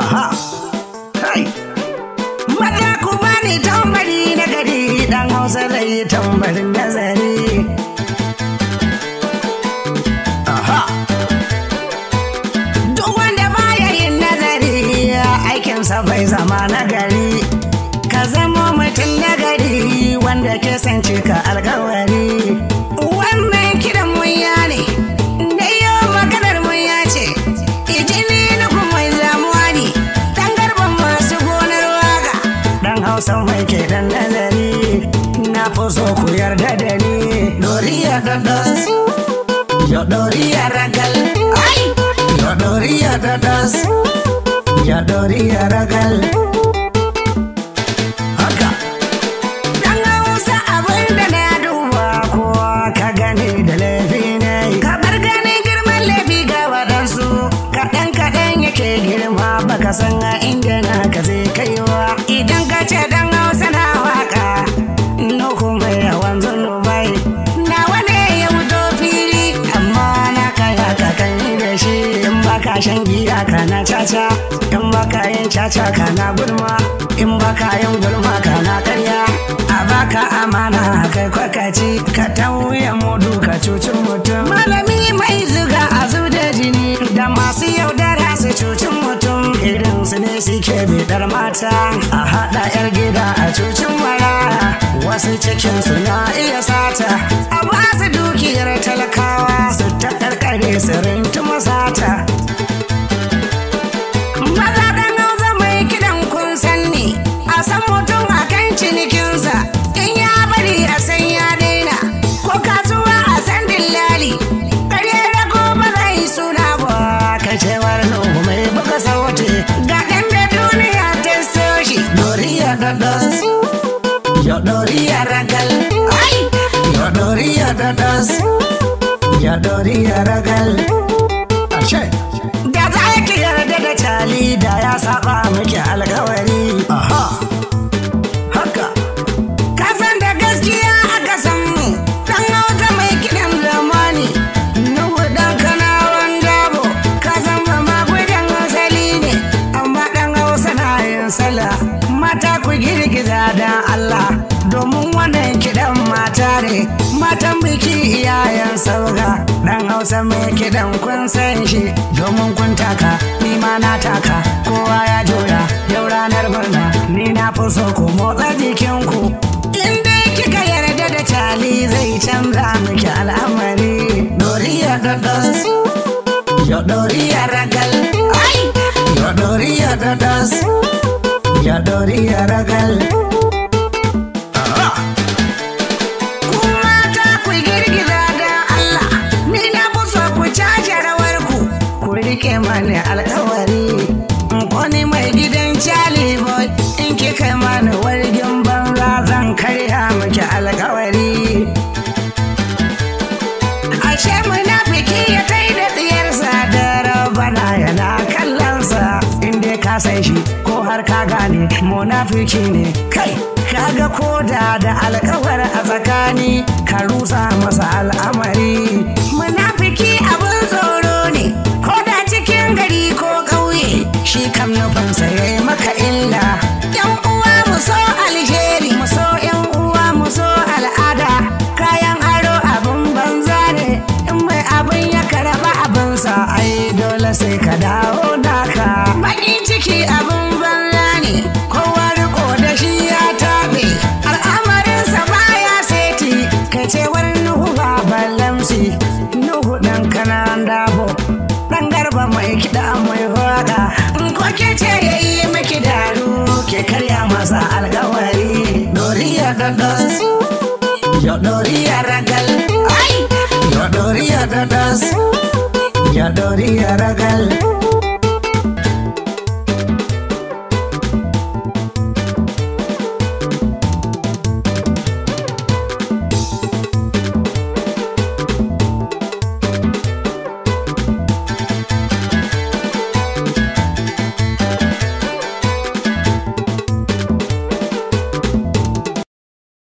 aha kai maza ku bani tambari na gari dan hausa zai tambarin nazari aha duk wanda baya yin nazari aikinsa bai zama na gari ka zama mutum na gari wanda ke san cika alkawari wanda yarda da ni na fi so ku yarda da ni doriya dadas yo doriya ragal ai yo doriya dadas yo doriya ragal haka dan hausa abin da na duba kowa ka gani da laifi ne ka bar ganin girman laifi ga waɗansu kaɗan kaɗan yake girma baka san a shan giya kana caca in baka yin caca kana gulma in baka yin gulma kana karya a baka amana kai kwakaci ka tauye mudu ka cucin mutum malami mai zuga a da jini da masu yaudara su cucin mutum irin su ne suke bidar mata a haɗa yar gida a cucin mara wasu cikin su na iya sata a basu Yodoria ragal Ay! dadas ragal Da za ki yarda da cali da ya saba miki alkawari Aha! Haka! Kasan da gaskiya aka san mu Dan hauta mai kiɗan zamani Nuhu dan kanawan dabo Kasan ba magudan asali ne Amma dan hausa na yin sala mata ku girgiza dan Allah domin wannan kiɗan mata ne matan biki iyayen sauka dan hausa mai kiɗan kun san shi domin kun taka ni ma na taka kowa ya jura yau ranar murna ni na fi so ku motsa jikinku in dai kika yarda da cali zai canza miki al'amari doriya dadas yo doriya ragal ai yo doriya ya doriya ragal alkawari wani mai gidan Cali boy in kika mana wargin banza zan karya miki alkawari ashe munafiki ya kai da tsiyarsa da rabana yana kallonsa inda ka san shi ko har ka gane munafiki ne kai kaga koda da alkawar a tsakani ka rusa masa al'a ka dawo ka. baƙin ciki abin banza ne kowa riko da shi ya taɓe al'amarinsa baya seti ce wani nuhu baban lamsi nuhu ɗan kanan dabo ɗan garba mai kiɗa mai waƙa in koke ce ya yi miki daru ke karya masa alƙawari doriya ya doriya ragal ஜடோரி அரகல்